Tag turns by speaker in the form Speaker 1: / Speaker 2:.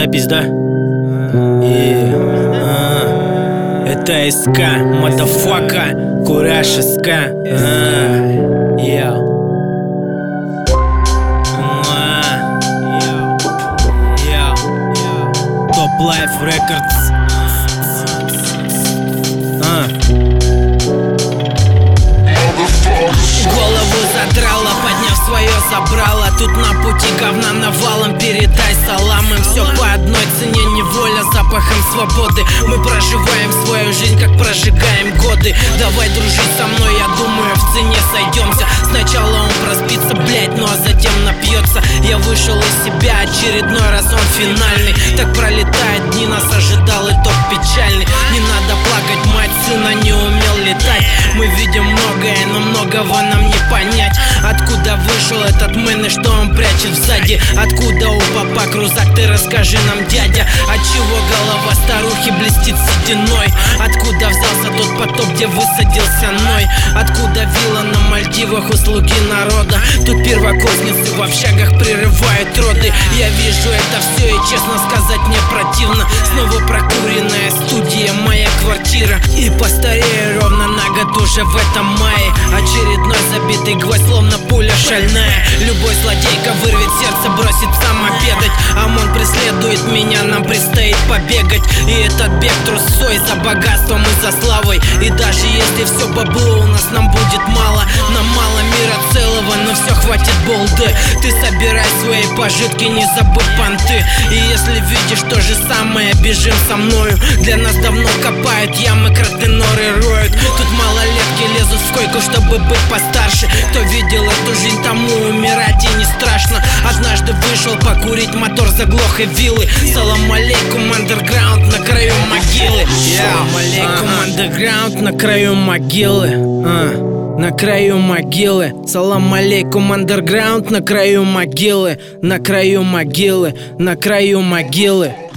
Speaker 1: запись, да? Yeah. А, это СК, мотофака, кураж СК. А, Топ yeah. Life Records. А. Голову задрала, подняв свое забрала Тут на пути говна навалом передай салам духом свободы Мы проживаем свою жизнь, как прожигаем годы Давай дружить со мной, я думаю, в цене сойдемся Сначала он проспится, блять, ну а затем напьется Я вышел из себя, очередной раз он финальный Так пролетает дни, нас ожидал итог печальный Не надо плакать, мать сына не умел летать Мы видим многое, но многого нам не понять Откуда вышел этот мэн и что он прячет сзади? Откуда у папа крузак, ты расскажи нам, дядя Отчего а голова старухи блестит сединой? Откуда взялся тот потоп, где высадился Ной? Откуда вилла на Мальдивах услуги народа? Тут первокурсницы в общагах прерывают роды Я вижу это все и честно сказать мне противно Снова прокуренная студия, моя квартира И по уже в этом мае Очередной забитый гвоздь, словно пуля шальная Любой злодейка вырвет сердце, бросит сам обедать ОМОН преследует меня, нам предстоит побегать И этот бег трусой за богатством и за славой И даже если все бабло у нас, нам будет мало Нам мало мира целого, но все хватит болды Ты собирай свои пожитки, не забудь понты И если видишь то же самое, бежим со мною Для нас давно копать чтобы быть постарше Кто видел эту жизнь, тому умирать и не страшно Однажды вышел покурить, мотор заглох и вилы Салам алейкум, андерграунд на краю могилы Салам алейкум, андерграунд на краю могилы а, На краю могилы, салам алейкум, андерграунд на краю могилы, на краю могилы, на краю могилы.